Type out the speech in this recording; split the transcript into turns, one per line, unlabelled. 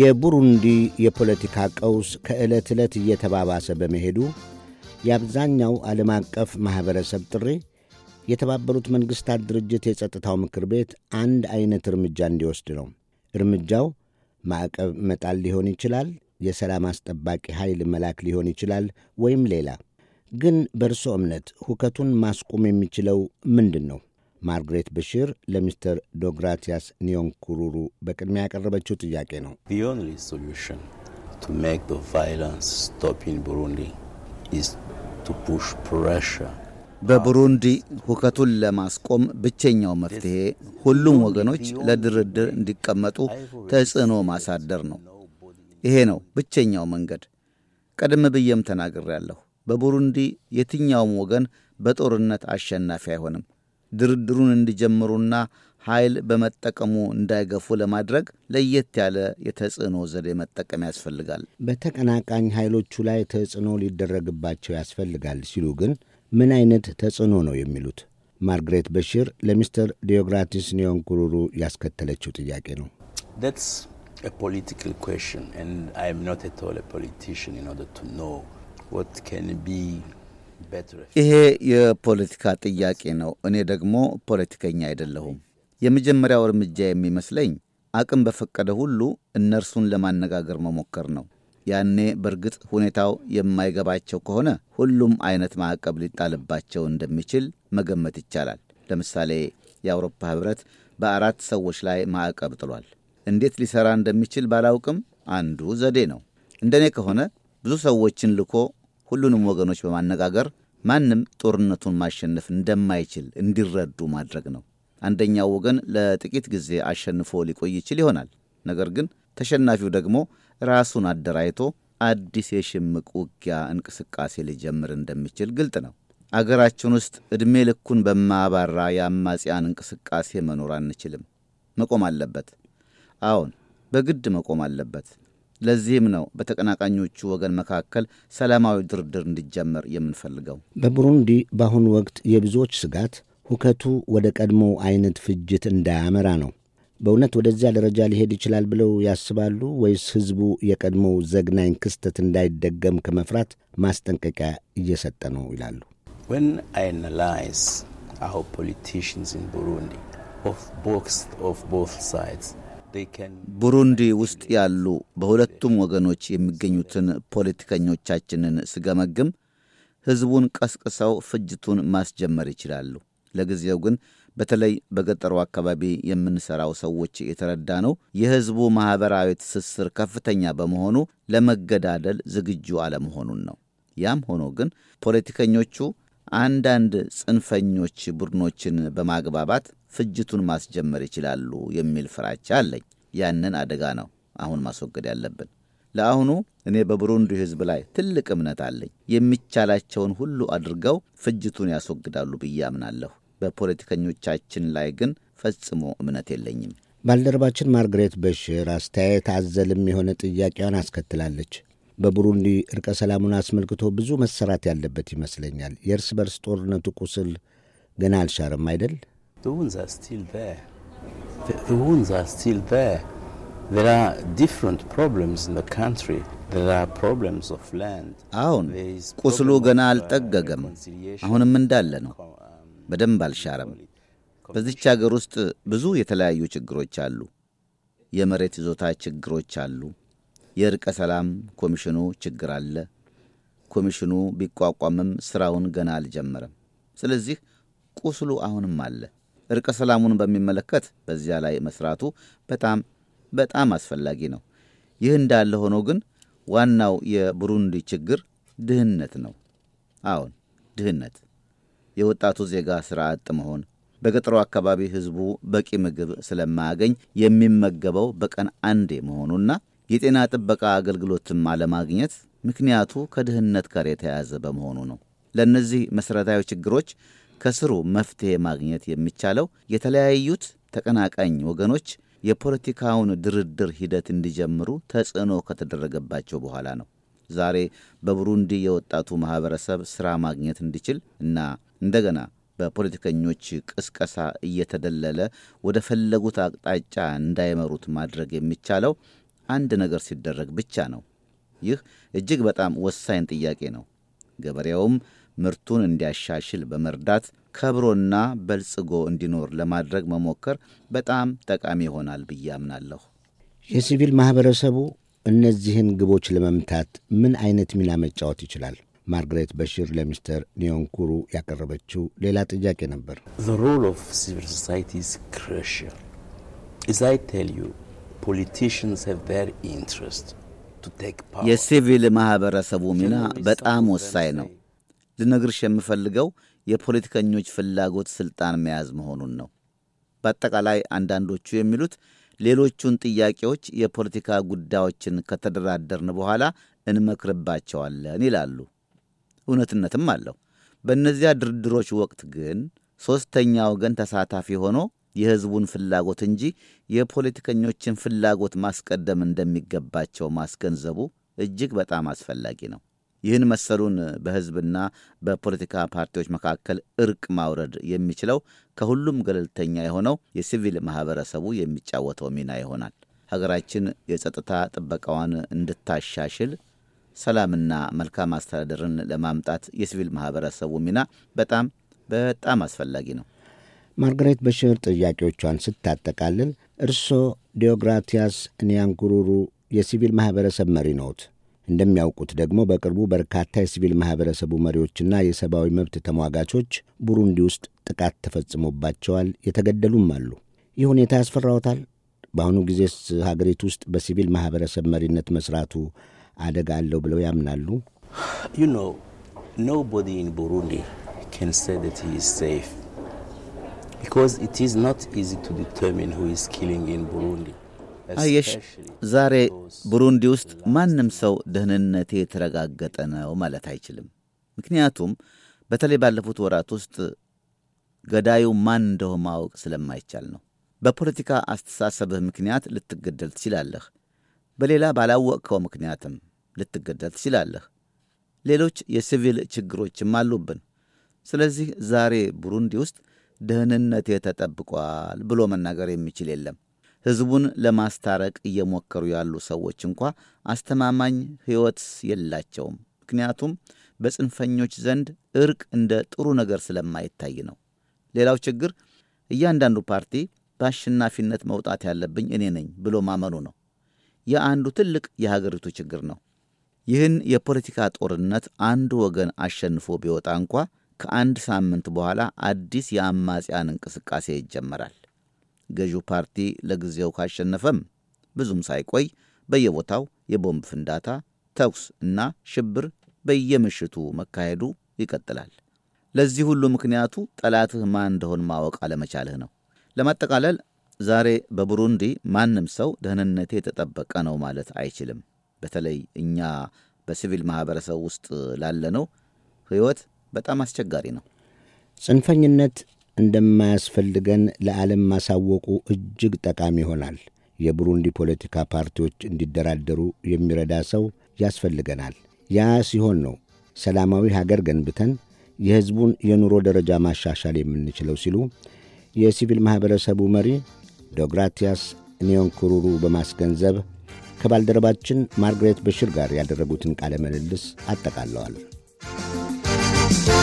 የቡሩንዲ የፖለቲካ ቀውስ ከዕለት ዕለት እየተባባሰ በመሄዱ የአብዛኛው ዓለም አቀፍ ማኅበረሰብ ጥሪ የተባበሩት መንግሥታት ድርጅት የጸጥታው ምክር ቤት አንድ ዐይነት እርምጃ እንዲወስድ ነው። እርምጃው ማዕቀብ መጣል ሊሆን ይችላል፣ የሰላም አስጠባቂ ኃይል መላክ ሊሆን ይችላል፣ ወይም ሌላ። ግን በእርሶ እምነት ሁከቱን ማስቆም የሚችለው ምንድን ነው? ማርግሬት ብሽር ለሚስተር ዶግራቲያስ ኒዮንኩሩሩ በቅድሚያ ያቀረበችው ጥያቄ ነው።
በቡሩንዲ ሁከቱን ለማስቆም ብቸኛው መፍትሄ
ሁሉም ወገኖች ለድርድር እንዲቀመጡ ተጽዕኖ ማሳደር ነው። ይሄ ነው ብቸኛው መንገድ። ቀደም ብዬም ተናግሬያለሁ። በቡሩንዲ የትኛውም ወገን በጦርነት አሸናፊ አይሆንም። ድርድሩን እንዲጀምሩና ኃይል በመጠቀሙ እንዳይገፉ ለማድረግ ለየት ያለ የተጽዕኖ ዘዴ መጠቀም ያስፈልጋል።
በተቀናቃኝ ኃይሎቹ ላይ ተጽዕኖ ሊደረግባቸው ያስፈልጋል ሲሉ ግን ምን አይነት ተጽዕኖ ነው የሚሉት? ማርግሬት በሽር ለሚስተር ዲዮግራቲስ ኒዮንኩሩሩ ያስከተለችው ጥያቄ ነው።
ፖለቲካል ይሄ
የፖለቲካ ጥያቄ ነው። እኔ ደግሞ ፖለቲከኛ አይደለሁም። የመጀመሪያው እርምጃ የሚመስለኝ አቅም በፈቀደ ሁሉ እነርሱን ለማነጋገር መሞከር ነው። ያኔ በእርግጥ ሁኔታው የማይገባቸው ከሆነ ሁሉም አይነት ማዕቀብ ሊጣልባቸው እንደሚችል መገመት ይቻላል። ለምሳሌ የአውሮፓ ህብረት በአራት ሰዎች ላይ ማዕቀብ ጥሏል። እንዴት ሊሠራ እንደሚችል ባላውቅም አንዱ ዘዴ ነው። እንደኔ ከሆነ ብዙ ሰዎችን ልኮ ሁሉንም ወገኖች በማነጋገር ማንም ጦርነቱን ማሸነፍ እንደማይችል እንዲረዱ ማድረግ ነው። አንደኛው ወገን ለጥቂት ጊዜ አሸንፎ ሊቆይ ይችል ይሆናል። ነገር ግን ተሸናፊው ደግሞ ራሱን አደራጅቶ አዲስ የሽምቅ ውጊያ እንቅስቃሴ ሊጀምር እንደሚችል ግልጥ ነው። አገራችን ውስጥ ዕድሜ ልኩን በማባራ የአማጽያን እንቅስቃሴ መኖር አንችልም። መቆም አለበት። አዎን፣ በግድ መቆም አለበት። ለዚህም ነው በተቀናቃኞቹ ወገን መካከል ሰላማዊ ድርድር እንዲጀመር የምንፈልገው።
በቡሩንዲ በአሁኑ ወቅት የብዙዎች ስጋት ሁከቱ ወደ ቀድሞው አይነት ፍጅት እንዳያመራ ነው። በእውነት ወደዚያ ደረጃ ሊሄድ ይችላል ብለው ያስባሉ ወይስ ሕዝቡ የቀድሞው ዘግናኝ ክስተት እንዳይደገም ከመፍራት ማስጠንቀቂያ እየሰጠ ነው ይላሉ።
ፖሊቲሽንስ ኢን ቡሩንዲ ኦፍ ቦክስ ኦፍ ሳይድስ ቡሩንዲ ውስጥ ያሉ በሁለቱም
ወገኖች የሚገኙትን ፖለቲከኞቻችንን ስገመግም ሕዝቡን ቀስቅሰው ፍጅቱን ማስጀመር ይችላሉ። ለጊዜው ግን በተለይ በገጠሩ አካባቢ የምንሠራው ሰዎች የተረዳ ነው። የሕዝቡ ማኅበራዊ ትስስር ከፍተኛ በመሆኑ ለመገዳደል ዝግጁ አለመሆኑን ነው። ያም ሆኖ ግን ፖለቲከኞቹ አንዳንድ ጽንፈኞች ቡድኖችን በማግባባት ፍጅቱን ማስጀመር ይችላሉ የሚል ፍራቻ አለኝ። ያንን አደጋ ነው አሁን ማስወገድ ያለብን። ለአሁኑ እኔ በቡሩንዲ ሕዝብ ላይ ትልቅ እምነት አለኝ። የሚቻላቸውን ሁሉ አድርገው ፍጅቱን ያስወግዳሉ ብዬ አምናለሁ። በፖለቲከኞቻችን ላይ ግን ፈጽሞ
እምነት የለኝም። ባልደረባችን ማርግሬት በሽር አስተያየት አዘልም የሆነ ጥያቄዋን አስከትላለች። በቡሩንዲ እርቀ ሰላሙን አስመልክቶ ብዙ መሰራት ያለበት ይመስለኛል። የእርስ
በርስ ጦርነቱ ቁስል ገና አልሻረም አይደል? አሁን ቁስሉ ገና uh, አልጠገገም። አሁንም
እንዳለ ነው፣ um, በደንብ አልሻረም። በዚች አገር ውስጥ ብዙ የተለያዩ ችግሮች አሉ። የመሬት ይዞታ ችግሮች አሉ። የእርቀ ሰላም ኮሚሽኑ ችግር አለ። ኮሚሽኑ ቢቋቋምም ስራውን ገና አልጀመረም። ስለዚህ ቁስሉ አሁንም አለ። እርቀ ሰላሙን በሚመለከት በዚያ ላይ መስራቱ በጣም በጣም አስፈላጊ ነው። ይህ እንዳለ ሆኖ ግን ዋናው የቡሩንዲ ችግር ድህነት ነው። አዎን ድህነት፣ የወጣቱ ዜጋ ሥራ አጥ መሆን፣ በገጠሩ አካባቢ ሕዝቡ በቂ ምግብ ስለማያገኝ የሚመገበው በቀን አንዴ መሆኑና የጤና ጥበቃ አገልግሎትም አለማግኘት ምክንያቱ ከድህነት ጋር የተያያዘ በመሆኑ ነው። ለእነዚህ መሠረታዊ ችግሮች ከስሩ መፍትሔ ማግኘት የሚቻለው የተለያዩት ተቀናቃኝ ወገኖች የፖለቲካውን ድርድር ሂደት እንዲጀምሩ ተጽዕኖ ከተደረገባቸው በኋላ ነው። ዛሬ በቡሩንዲ የወጣቱ ማኅበረሰብ ሥራ ማግኘት እንዲችል እና እንደገና በፖለቲከኞች ቅስቀሳ እየተደለለ ወደ ፈለጉት አቅጣጫ እንዳይመሩት ማድረግ የሚቻለው አንድ ነገር ሲደረግ ብቻ ነው። ይህ እጅግ በጣም ወሳኝ ጥያቄ ነው። ገበሬውም ምርቱን እንዲያሻሽል በመርዳት ከብሮና በልጽጎ እንዲኖር ለማድረግ መሞከር በጣም ጠቃሚ ይሆናል ብዬ አምናለሁ።
የሲቪል ማኅበረሰቡ እነዚህን ግቦች ለመምታት ምን አይነት ሚና መጫወት ይችላል? ማርግሬት በሺር ለሚስተር ኒዮንኩሩ ያቀረበችው ሌላ ጥያቄ ነበር።
የሲቪል ማኅበረሰቡ ሚና በጣም ወሳኝ ነው። ልነግርሽ የምፈልገው የፖለቲከኞች ፍላጎት ሥልጣን መያዝ መሆኑን ነው። በአጠቃላይ አንዳንዶቹ የሚሉት ሌሎቹን ጥያቄዎች የፖለቲካ ጉዳዮችን ከተደራደርን በኋላ እንመክርባቸዋለን ይላሉ። እውነትነትም አለው። በእነዚያ ድርድሮች ወቅት ግን ሦስተኛ ወገን ተሳታፊ ሆኖ የሕዝቡን ፍላጎት እንጂ የፖለቲከኞችን ፍላጎት ማስቀደም እንደሚገባቸው ማስገንዘቡ እጅግ በጣም አስፈላጊ ነው። ይህን መሰሉን በሕዝብና በፖለቲካ ፓርቲዎች መካከል እርቅ ማውረድ የሚችለው ከሁሉም ገለልተኛ የሆነው የሲቪል ማኅበረሰቡ የሚጫወተው ሚና ይሆናል። ሀገራችን የጸጥታ ጥበቃዋን እንድታሻሽል ሰላምና መልካም አስተዳደርን ለማምጣት የሲቪል ማኅበረሰቡ ሚና በጣም በጣም አስፈላጊ ነው።
ማርግሬት በሽር ጥያቄዎቿን ስታጠቃልል እርሶ ዲዮግራቲያስ ኒያንጉሩሩ የሲቪል ማኅበረሰብ መሪ ነዎት። እንደሚያውቁት ደግሞ በቅርቡ በርካታ የሲቪል ማኅበረሰቡ መሪዎችና የሰብአዊ መብት ተሟጋቾች ቡሩንዲ ውስጥ ጥቃት ተፈጽሞባቸዋል፣ የተገደሉም አሉ። ይህ ሁኔታ ያስፈራውታል በአሁኑ ጊዜስ ሀገሪቱ ውስጥ በሲቪል ማኅበረሰብ መሪነት መስራቱ አደጋ አለው ብለው ያምናሉ?
ዩ ኖ ኖቦዲ ኢን ቡሩንዲ ካን ሴይ ዛት ሂ ኢዝ ሴፍ አየሽ ዛሬ
ቡሩንዲ ውስጥ ማንም ሰው ደህንነቴ የተረጋገጠ ነው ማለት አይችልም። ምክንያቱም በተለይ ባለፉት ወራት ውስጥ ገዳዩ ማን እንደሆነ ማወቅ ስለማይቻል ነው። በፖለቲካ አስተሳሰብህ ምክንያት ልትገደል ትችላለህ። በሌላ ባላወቅከው ምክንያትም ልትገደል ትችላለህ። ሌሎች የሲቪል ችግሮችም አሉብን። ስለዚህ ዛሬ ቡሩንዲ ውስጥ ደህንነቴ ተጠብቋል ብሎ መናገር የሚችል የለም። ሕዝቡን ለማስታረቅ እየሞከሩ ያሉ ሰዎች እንኳ አስተማማኝ ሕይወት የላቸውም። ምክንያቱም በጽንፈኞች ዘንድ እርቅ እንደ ጥሩ ነገር ስለማይታይ ነው። ሌላው ችግር እያንዳንዱ ፓርቲ በአሸናፊነት መውጣት ያለብኝ እኔ ነኝ ብሎ ማመኑ ነው። የአንዱ ትልቅ የሀገሪቱ ችግር ነው። ይህን የፖለቲካ ጦርነት አንዱ ወገን አሸንፎ ቢወጣ እንኳ ከአንድ ሳምንት በኋላ አዲስ የአማጽያን እንቅስቃሴ ይጀመራል። ገዢው ፓርቲ ለጊዜው ካሸነፈም ብዙም ሳይቆይ በየቦታው የቦምብ ፍንዳታ፣ ተኩስ እና ሽብር በየምሽቱ መካሄዱ ይቀጥላል። ለዚህ ሁሉ ምክንያቱ ጠላትህ ማን እንደሆን ማወቅ አለመቻልህ ነው። ለማጠቃለል ዛሬ በቡሩንዲ ማንም ሰው ደህንነቴ የተጠበቀ ነው ማለት አይችልም። በተለይ እኛ በሲቪል ማኅበረሰብ ውስጥ ላለነው ሕይወት በጣም አስቸጋሪ
ነው። ጽንፈኝነት እንደማያስፈልገን ለዓለም ማሳወቁ እጅግ ጠቃሚ ይሆናል። የቡሩንዲ ፖለቲካ ፓርቲዎች እንዲደራደሩ የሚረዳ ሰው ያስፈልገናል። ያ ሲሆን ነው ሰላማዊ ሀገር ገንብተን የሕዝቡን የኑሮ ደረጃ ማሻሻል የምንችለው ሲሉ የሲቪል ማኅበረሰቡ መሪ ዶግራቲያስ ኒዮንክሩሩ በማስገንዘብ ከባልደረባችን ማርግሬት በሽር ጋር ያደረጉትን ቃለ ምልልስ አጠቃለዋል። you.